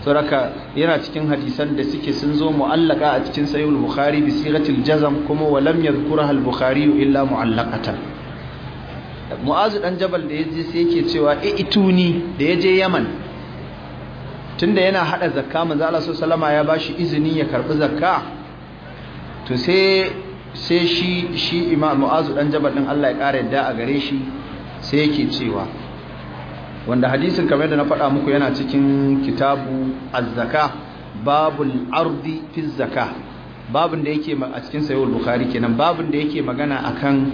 sauraka yana cikin hadisan da suke sun zo mu'allaka a cikin sayyul bukhari bi sigatil jazm kuma wa lam yadhkuraha al-bukhari illa mu'allaqatan mu'azu dan jabal da yaje sai yake cewa e ituni da yaje yaman tunda yana hada zakka manzo Allah sallama ya bashi izini ya karbi zakka to sai sai shi shi imam mu'azu dan jabal din Allah ya kare yadda a gare shi sai yake cewa wanda hadisin kamar da na faɗa muku yana cikin kitabu az-zaka babul ardi fi zaka babun da yake a cikin sayyid bukhari kenan babun da yake magana akan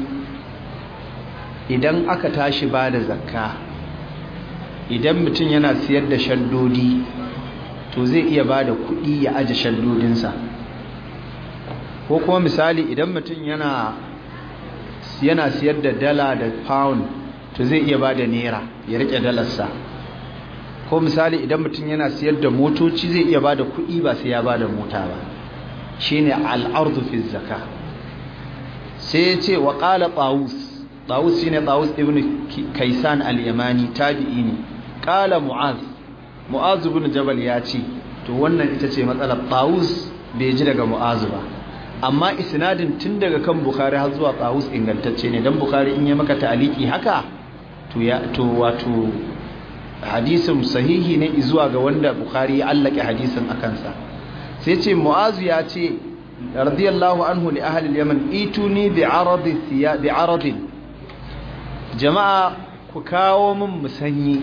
idan aka tashi ba da zakka idan mutum yana siyar da shaddodi to zai iya ba da kuɗi ya aje shaddodinsa ko kuma misali idan mutum yana siyar da dala da pound to zai iya ba da naira ya rike dalarsa ko misali idan mutum yana siyar da motoci zai iya ba da kuɗi ba sai ya ba da mota ba shine al'ardu fi zaka sai ya ce wa qala tawus tawus shine tawus ibn kaisan al-yamani tabi'i ne ƙala mu'az mu'az ibn jabal ya ce to wannan ita ce matsalar tawus bai ji daga mu'az ba amma isnadin tun daga kan bukhari har zuwa tawus ingantacce ne dan bukhari in ya maka ta'aliki haka to wato hadisin sahihi ne zuwa ga wanda bukhari ya allake hadisin a kansa. sai ce mu'azu ya ce radiyallahu anhu li ahli yaman ituni bi aradi bi aradin jama'a ku kawo min musanyi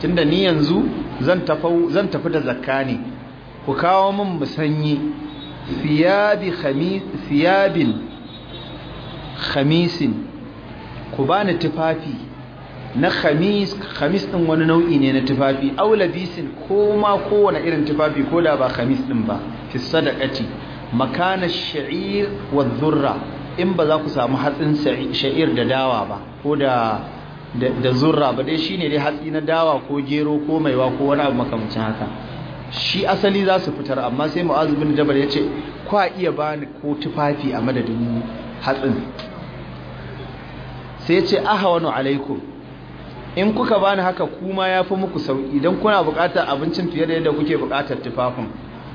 tunda ni yanzu zan tafi da zakka ne ku kawo min musanyi siyabi khamis khamisin ku bani tufafi na khamis khamis din wani nau'i ne na tufafi aw labisin ko ma kowane irin tufafi ko da ba khamis din ba fi sadaqati makana sha'ir wa dhurra in ba za ku samu hatsin sha'ir da dawa ba ko da da zurra ba dai shine dai hatsi na dawa ko gero ko maiwa ko wani abu makamancin haka shi asali za su fitar amma sai mu'azu bin jabal ya ce kwa iya bani ko tufafi a madadin hatsin sai ya ce ahawanu alaikum in kuka bani haka kuma ya fi muku sauki idan kuna buƙatar abincin fiye da yadda kuke buƙatar tufafin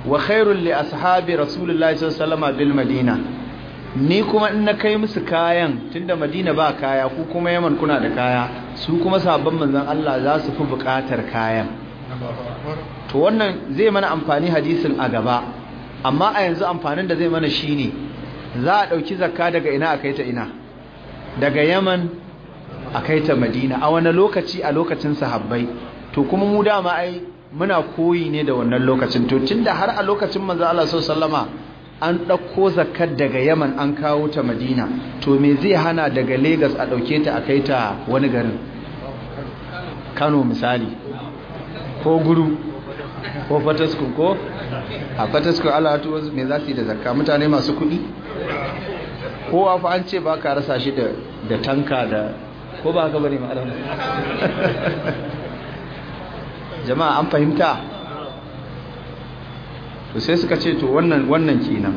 wa khairul li ashabi rasulullahi sallallahu alaihi bil madina ni kuma in na kai musu kayan tunda madina ba kaya ku kuma yaman kuna da kaya su kuma sabon manzon Allah za su fi buƙatar kayan to wannan zai mana amfani hadisin a gaba amma a yanzu amfanin da zai mana shine za a ɗauki zakka daga ina a ina daga yaman a kai ta madina a wani lokaci a lokacin sahabbai to kuma mu dama ai muna koyi ne da wannan lokacin to tunda har a lokacin manzo Allah sallama an ɗauko zakkar daga yaman an kawo ta madina to me zai hana daga Legas a ɗauke ta a kai ta wani garin kano misali ko guru ko fatasku ko a fatasku to me za su yi da zakka mutane masu kuɗi kowa fa an ce ba ka rasa shi da tanka da ko ba haka bane malam jama'a an fahimta to sai suka ce to wannan wannan kenan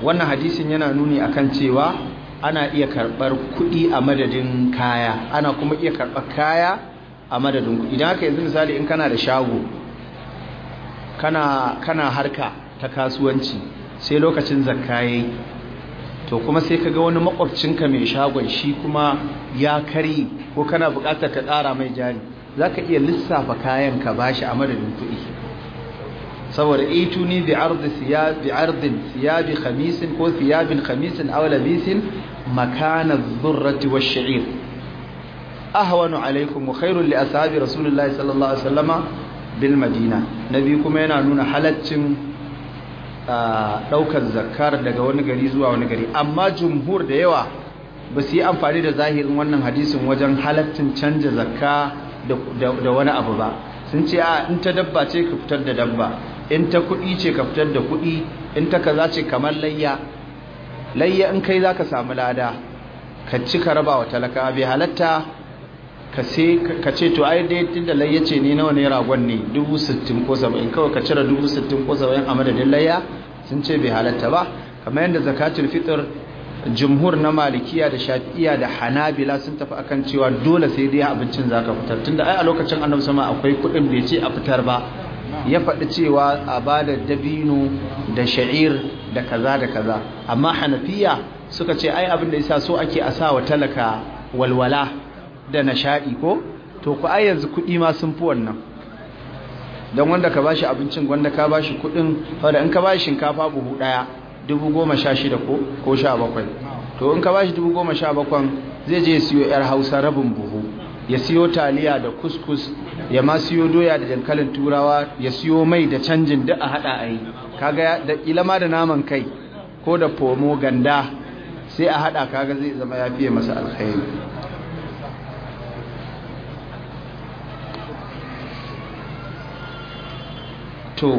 wannan hadisin yana nuni akan cewa ana iya karbar kuɗi a madadin kaya ana kuma iya karbar kaya a madadin kuɗi idan aka yi misali in kana da shago kana harka ta kasuwanci sai lokacin zakka to kuma sai ka ga wani makwabcinka mai shagon shi kuma ya kari ko kana bukatar ka ƙara mai jari za ka iya lissafa kayan ka bashi a madadin kuɗi saboda e tuni bi ardi siyabi ardin siyabi khamisin ko siyabin khamisin aw labisin makana zurrati wash sha'ir ahwanu alaykum wa khairul li ashabi rasulillahi sallallahu alaihi wasallama bil madina nabi kuma yana nuna halaccin ɗaukar zakar daga wani gari zuwa wani gari amma jumhur da yawa ba su yi amfani da zahirin wannan hadisin wajen halattun canja zakka da wani abu ba sun ce a in ta dabba ce ka fitar da dabba in ta kuɗi ce ka fitar da kuɗi in ta kaza ce kamar layya layya in kai za ka samu lada ka ci ka raba wa talaka bai halatta ka ce to ai dai tun da layya ce ni nawa ne ragon ne sittin ko 70 kawai ka cire sittin ko 70 a madadin layya sun ce bai halatta ba kamar yadda zakatun fitr jumhur na malikiya da shafi'iya da hanabila sun tafi akan cewa dole sai dai abincin zaka fitar tunda ai a lokacin annabi sama akwai kudin bai ce a fitar ba ya faɗi cewa a ba da dabino da sha'ir da kaza da kaza amma hanafiya suka ce ai abin da yasa so ake a sa wa talaka walwala da nashaɗi ko to ku ai yanzu kuɗi ma sun fi wannan don wanda ka bashi abincin wanda ka bashi kuɗin fara in ka bashi shinkafa buhu ɗaya dubu goma sha shida ko ko sha bakwai to in ka bashi dubu goma sha bakwan zai je siyo yar hausa rabin buhu ya siyo taliya da kuskus ya ma siyo doya da dankalin turawa ya siyo mai da canjin duk a haɗa a yi kaga da ilama da naman kai ko da fomo ganda sai a haɗa kaga zai zama ya fiye masa alkhairi to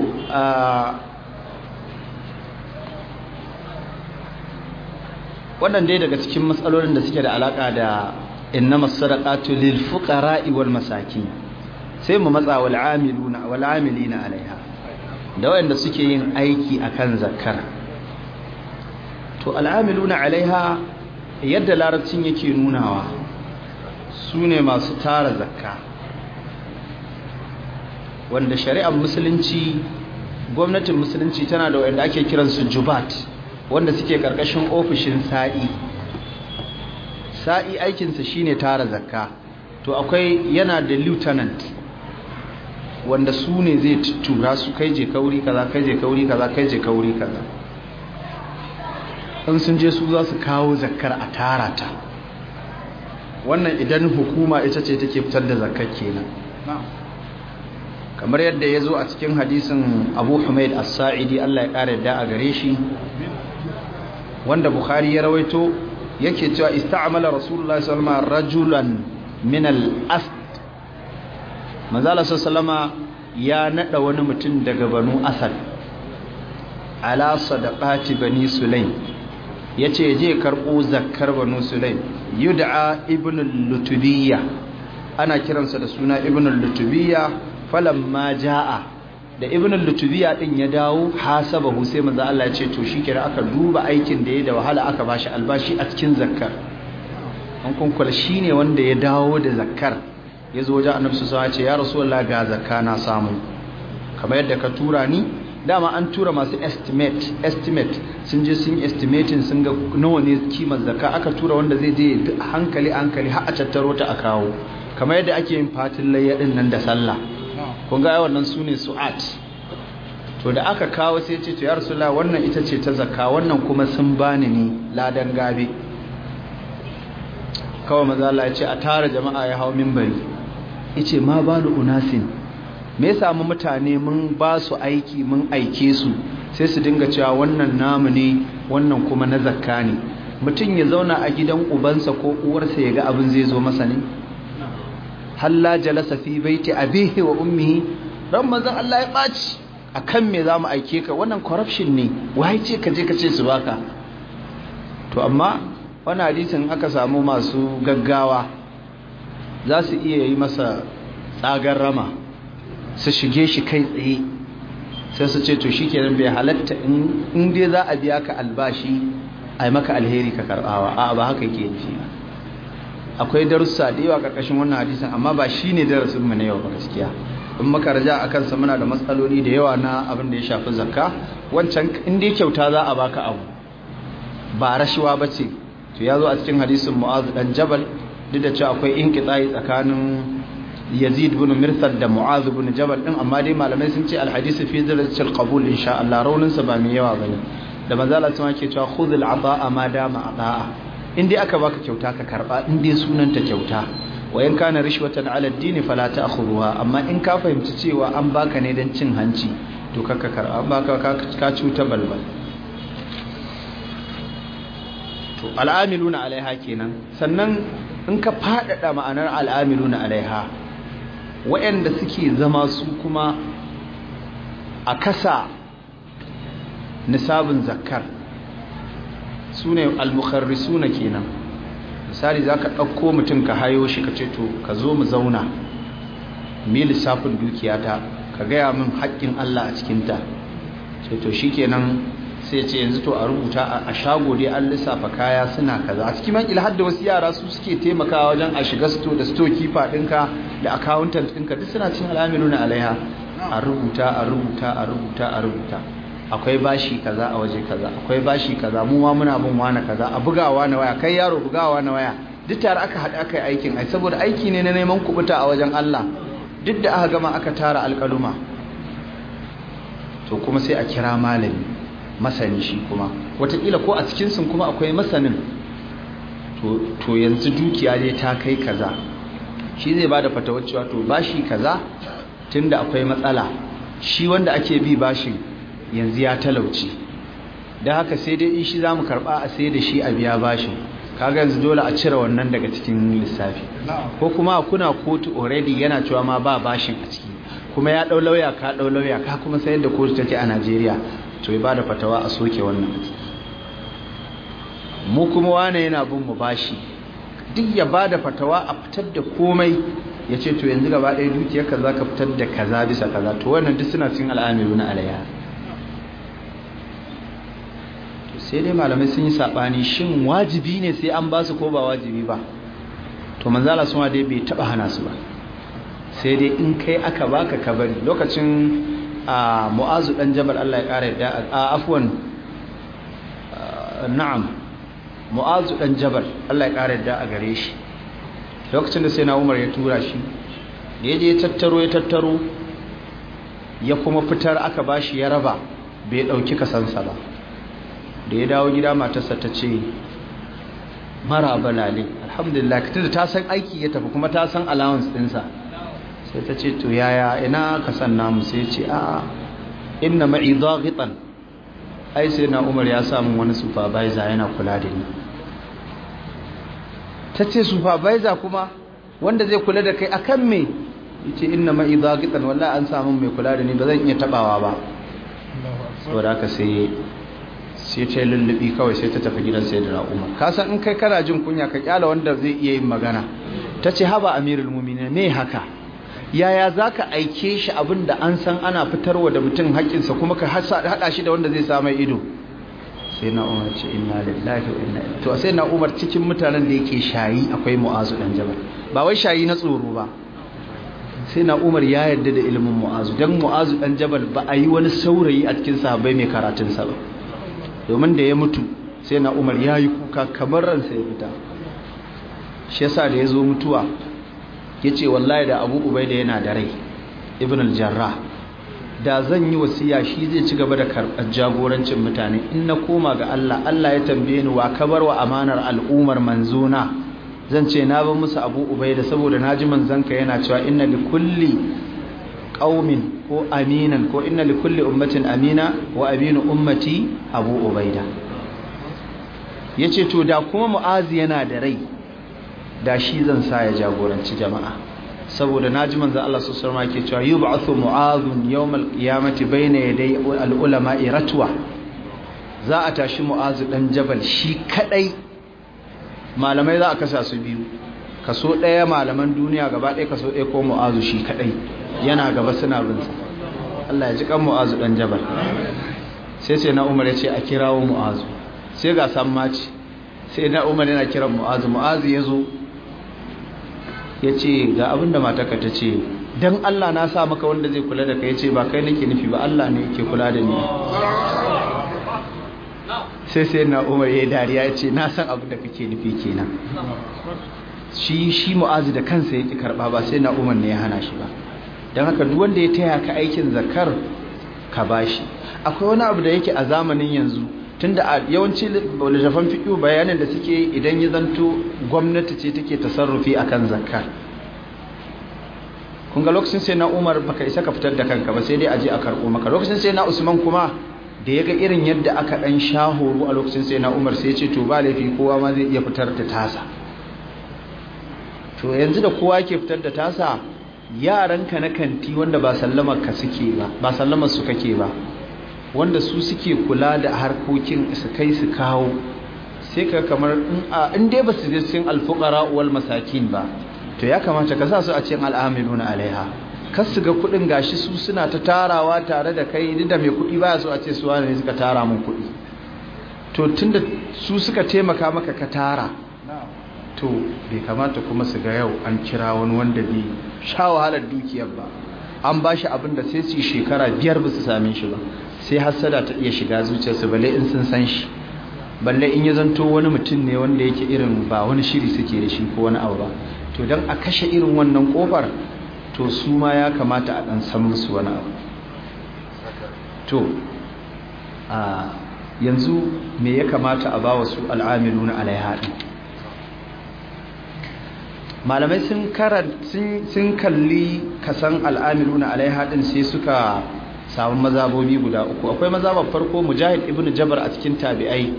wannan dai daga cikin matsalolin da suke da alaka da inna sadaqatu lil fuqara'i wal masaki, sai mu matsa wal amiluna wal amilina alaiha da wanda suke yin aiki akan zakkar to al amiluna alaiha yadda larabcin yake nunawa sune masu tara zakka wanda shari'ar musulunci gwamnatin musulunci tana da wanda ake kiransu jubat wanda suke karkashin ofishin sa'i sa'i aikinsa shine tara zakka to akwai yana da lieutenant wanda su ne zai tura su kai je kauri kaza kai je kauri kaza kai je kauri kaza in sun je su za su kawo zakkar a tara ta wannan idan hukuma ita ce take fitar da zakkar kenan kamar yadda ya zo a cikin hadisin abu hamid as-sa'idi allah ya ƙara yadda a gare shi wanda bukhari ya rawaito yake cewa ista'amala rasulullah salama rajulan min al'ast manzala sallama ya naɗa wani mutum daga banu asad ala sadaqati bani sulaim yace je karɓo zakkar banu sulaim Yuda'a ibn lutubiyya ana kiransa da suna ibn lutubiyya ma jaa da ibn al-lutubiya din ya dawo hasabahu sai manzo Allah ya ce to shikenan aka duba aikin da ya da wahala aka bashi albashi a cikin zakkar an kunkula shine wanda ya dawo da zakkar ya zo wajen annabi sallallahu alaihi wasallam ya ce ya rasulullah ga zakka na samu kamar yadda ka tura ni dama an tura masu estimate estimate sun je sun estimating sun ga nawa ne kimar zakka aka tura wanda zai je hankali hankali har a tattaro ta a kawo kamar yadda ake yin fatin layya din nan da sallah kun ga wannan su ne su'at to da aka kawo sai ce to ya rasulullah wannan ita ce ta zakka wannan kuma sun bani ne ladan gabe kawai maza Allah ya ce a tara jama'a ya hawo minbari yace ma balu unasin me ya samu mutane mun ba su aiki mun aike su sai su dinga cewa wannan namu ne wannan kuma na zakka ne mutum ya zauna a gidan ubansa ko uwarsa ya ga abin zai zo masa ne halla jalasa fi baiti abihi wa ummihi ran manzon Allah ya baci akan me zamu aike ka wannan corruption ne wai ce ka je ka ce su baka to amma wannan hadisin aka samu masu gaggawa za su iya yi masa tsagar rama su shige shi kai tsaye sai su ce to shikenan bai halatta in dai za a biya ka albashi ai maka alheri ka karbawa a'a ba haka yake yi akwai darussa da yawa karkashin wannan hadisin amma ba shi ne darasin mu na yau ba gaskiya in muka raja akan sa muna da matsaloli da yawa na abin da ya shafi zakka wancan in dai kyauta za a baka abu ba rashawa bace to ya zo a cikin hadisin Mu'az dan Jabal duk da cewa akwai inqita'i tsakanin Yazid ibn Mirsad da Mu'az ibn Jabal din amma dai malamai sun ce alhadisi fi darajatil qabul insha Allah raunin sa ba mai yawa bane da manzo Allah sun ce cewa khudhul ata'a ma dama ata'a in dai aka baka kyauta ka karba in dai sunanta kyauta wa kana rishwatan ala dini din fala ta'khuruha amma in ka fahimci cewa an baka ne dan cin hanci to kaka karba baka ka cuta balbal to al'amiluna alaiha kenan sannan in ka fadada ma'anar al'amiluna alaiha waɗanda suke zama su kuma a kasa nisabin zakkar su ne almukharrisu na kenan misali za ka ɗauko mutum ka hayo shi ka ce to ka zo mu zauna mi lissafin dukiyata ka gaya min haƙƙin allah a cikinta ce to shi kenan sai ce yanzu to a rubuta a shago dai an lissafa kaya suna kaza a cikin man ilhad wasu yara su suke taimakawa wajen a shiga sto da sto kifa ɗinka da accountant ɗinka duk suna cin al'amiru na alaiha a rubuta a rubuta a rubuta a rubuta akwai bashi kaza a waje kaza akwai bashi kaza mu ma muna bin wani kaza a bugawa na waya kai yaro bugawa na waya duk tare aka haɗu aka yi aikin ai saboda aiki ne na neman kubuta a wajen Allah duk da aka gama aka tara alƙaluma to kuma sai a kira malami masani shi kuma wataƙila ko a cikin sun kuma akwai masanin to yanzu dukiya dai ta kai kaza shi zai bada da fatawar cewa to bashi kaza tunda akwai matsala shi wanda ake bi bashin yanzu ya talauci da haka sai dai in shi za mu karɓa a sai da shi a biya bashin, kaga yanzu dole a cire wannan daga cikin lissafi ko kuma kuna kotu already yana cewa ma ba bashin a ciki kuma ya ɗau lauya ka ɗau lauya ka kuma sai da kotu take a najeriya to ya bada fatawa a soke wannan mu kuma wane yana bin mu bashi duk ya bada fatawa a fitar da komai ya ce to yanzu gaba ɗaya dukiya za ka fitar da kaza bisa kaza to wannan duk suna cikin al'amiru na alayya sai dai malamai sun yi saɓani shin wajibi ne sai an ba su ko ba wajibi ba to manzala suna dai bai taba hana su ba sai dai in kai aka baka ka bari lokacin a mu'azu dan jabal allah ya ƙara yadda a afwan na'am mu'azu dan jabal allah ya kare da a gare shi lokacin da sai na umar ya tura shi da yaje ya tattaro ya tattaro ya kuma fitar aka bashi ya raba bai ɗauki kasansa ba da ya dawo gida matarsa ta ce mara balale alhamdulillah tunda ta san aiki ya tafi kuma ta san allowance dinsa sai ta ce to yaya ina ka san namu sai ce a inna ma'i daghitan ai sai na Umar ya samu wani supervisor yana kula da ni ta ce supervisor kuma wanda zai kula da kai akan me yace inna ma'i daghitan wallahi an samu mai kula da ni ba zan iya tabawa ba saboda haka sai sai ta yi lullubi kawai sai ta tafi gidan da umar kasan in kai kana jin kunya ka kyala wanda zai iya yin magana ta ce haba amirul mumini me haka yaya za ka aike shi abinda an san ana fitarwa da mutum haƙƙinsa kuma ka haɗa shi da wanda zai samu ido sai na umar ce inna lillahi wa inna to sai na umar cikin mutanen da yake shayi akwai mu'azu dan jabal ba wai shayi na tsoro ba sai na umar ya yarda da ilimin mu'azu dan mu'azu dan jabal ba a yi wani saurayi a cikin sahabbai mai karatun sa ba domin da ya mutu sai na umar ya yi kuka kamar ransa ya fita shi yasa da ya zo mutuwa ya ce wallahi da abu ubai da yana da rai ibn al-jarra da zan yi wasiya shi zai ci gaba da karɓar jagorancin mutane in na koma ga allah allah ya tambaye ni wa kabar wa amanar al'ummar manzona zan ce na bar musu abu ubai da saboda na ji manzanka yana cewa inna bi kulli ƙaumin ko aminan ko inna li kulli ummatin amina wa aminu ummati abu ubaida yace to da kuma mu'azi yana da rai da shi zan sa ya jagoranci jama'a saboda naji manzon Allah sallallahu alaihi wasallam yake cewa yub'athu mu'azun yawmal qiyamati bayna yaday al ulama ratwa za a tashi mu'azu dan jabal shi kadai malamai za a kasa su biyu kaso daya malaman duniya gaba daya kaso daya ko mu'azu shi kadai yana gaba suna binsa Allah ya ji kan mu'azu dan jabal sai sai na umar ya ce a kirawo mu'azu sai ga sammaci sai na umar yana kiran mu'azu mu'azu ya zo ya ce ga abin da mataka ta ce don Allah na sa maka wanda zai kula da kai ya ce ba kai nake nufi ba Allah ne yake kula da ni sai sai na umar ya dariya ya ce na san abin da kake nufi kenan shi shi mu'azu da kansa ya ki karba ba sai na umar ne ya hana shi ba don haka duk wanda ya taya ka aikin zakar ka bashi akwai wani abu da yake a zamanin yanzu tunda a yawanci littafan fiƙi bayanin da suke idan ya zanto gwamnati ce take tasarrufi akan zakar kun ga lokacin sai na umar baka isa ka fitar da kanka ba sai dai aje a karɓo maka lokacin sai na usman kuma da ya ga irin yadda aka ɗan sha horo a lokacin sai na umar sai ce to ba laifi kowa ma zai iya fitar da tasa to yanzu da kowa ke fitar da tasa Yaran ka na kanti wanda ba sallamar ka suke ba ba sallamar su kake ba wanda su suke kula da harkokin su kai su kawo sai ka kamar in dai ba su je cikin alfuqara wal masakin ba to ya kamata ka sa su a cikin al'amiluna alaiha kar su ga kuɗin gashi su suna ta tarawa tare da kai duk da mai kuɗi baya su a ce su wani suka tara mun kuɗi to tunda su suka taimaka maka ka tara to bai kamata kuma su ga yau an kira wani wanda bai sha wahalar dukiyar ba an ba shi abin da sai su shekara biyar ba su same shi ba sai hassada ta iya shiga zuciyarsu balle in sun san shi balle in ya zanto wani mutum ne wanda yake irin ba wani shiri suke da shi ko wani abu ba to don a kashe irin wannan kofar to su ma ya kamata a ɗan san musu wani abu to yanzu me ya kamata a ba wasu su al'amilu na alaihaɗin malamai sun sun kalli kasan na alaiha din sai suka samu mazabobi guda uku akwai mazabar farko mujahid Ibn jabar a cikin tabi'ai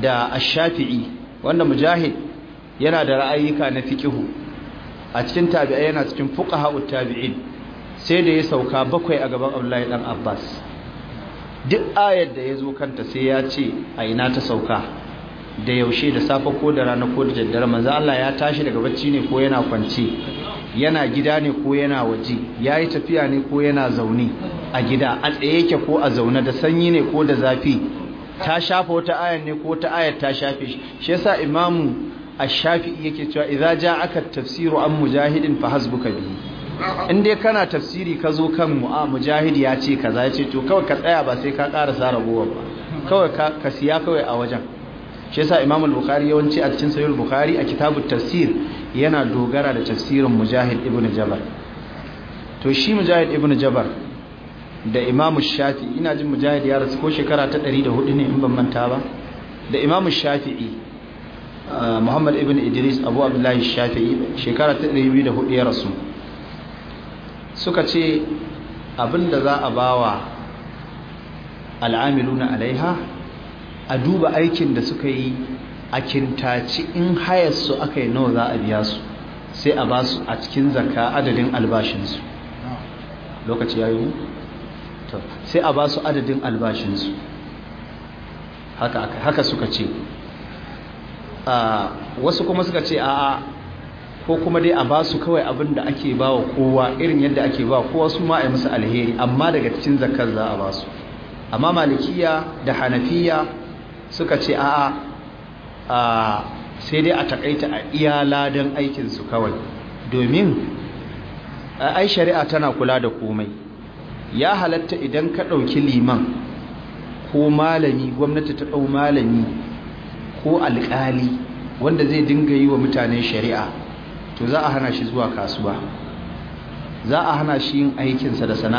da Ashafi'i, wanda mujahid yana da ra'ayika na fikihu, a cikin tabi'ai yana cikin fuqaha'ut tabi'in sai da ya sauka bakwai a gaban Abdullahi ɗan Abbas duk ayar da ya zo kanta sai ya ce a ina ta sauka da yaushe da safe ko da rana ko da jaddara, manzo Allah ya tashi daga bacci ne ko yana kwance yana gida ne ko yana waje yayi tafiya ne ko yana zaune a gida a tsaye yake ko a zaune da sanyi ne ko da zafi ta shafa wata ayar ne ko ta ayar ta shafe shi shi yasa imamu ash-shafi'i yake cewa idza ja'aka tafsiru an mujahidin fa hasbuka bihi in dai kana tafsiri ka zo kan a ah, mujahid ya ce kaza ya ce to kawai ka tsaya ba sai ka ƙarasa ragowa ba kawai ka siya kawai a wajen shi yasa Imam al-Bukhari yawanci a cikin Sahih al-Bukhari a kitabut tafsir yana dogara da tafsirin Mujahid ibn jabar, to shi Mujahid ibn jabar da Imam Shafi'i ina jin Mujahid ya rasu ko shekara ta 104 ne in ban manta ba da Imam Shafi'i eh, Muhammad ibn Idris Abu Abdullah Shafi'i shekara ta 204 ya rasu suka ce abinda za a bawa al'amiluna alaiha a duba aikin da suka yi a kintaci in hayarsu aka yi nawa za a biya su sai a ba su a cikin zaka adadin albashinsu lokaci ya yi sai a ba su adadin albashinsu haka suka ce wasu kuma suka ce a'a ko kuma dai a ba su kawai abin da ake ba wa kowa irin yadda ake ba kowa su ma a yi musu alheri amma daga cikin zakar za a ba su amma malikiya da hanafiya suka ce a'a sai dai a takaita a iya ladan aikinsu kawai domin ai shari'a tana kula da komai ya halatta idan ka ɗauki liman ko malami gwamnati ta ɗau malami ko alƙali wanda zai dinga yi wa mutanen shari'a to za a hana shi zuwa kasuwa za a hana shi yin aikinsa da sana'a